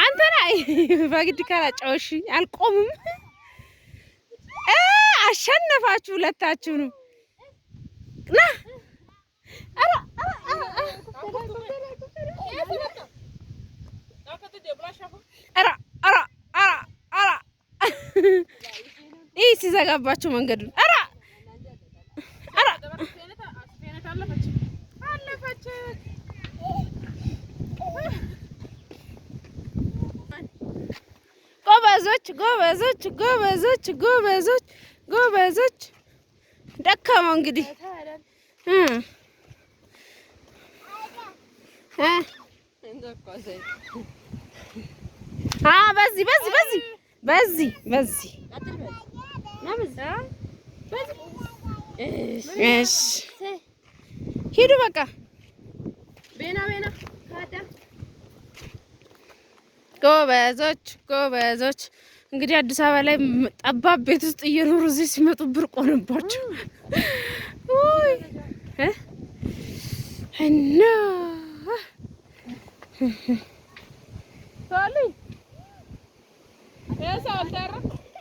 አንተ ላይ በግድ ካላጫውሽ አልቆምም። አሸነፋችሁ ሁለታችሁ ነው። ና ሲዘጋባችሁ መንገዱን ጎበዞች ጎበዞች ጎበዞች ጎበዞች። ጎበዞች። ደከመው እንግዲህ በዚህ በዚህ በዚህ በዚህ በዚህ ሂዱ በቃ ጎበዞች ጎበዞች። እንግዲህ አዲስ አበባ ላይ ጠባብ ቤት ውስጥ እየኖሩ እዚህ ሲመጡ ብርቅ ሆነባቸው እና ሰው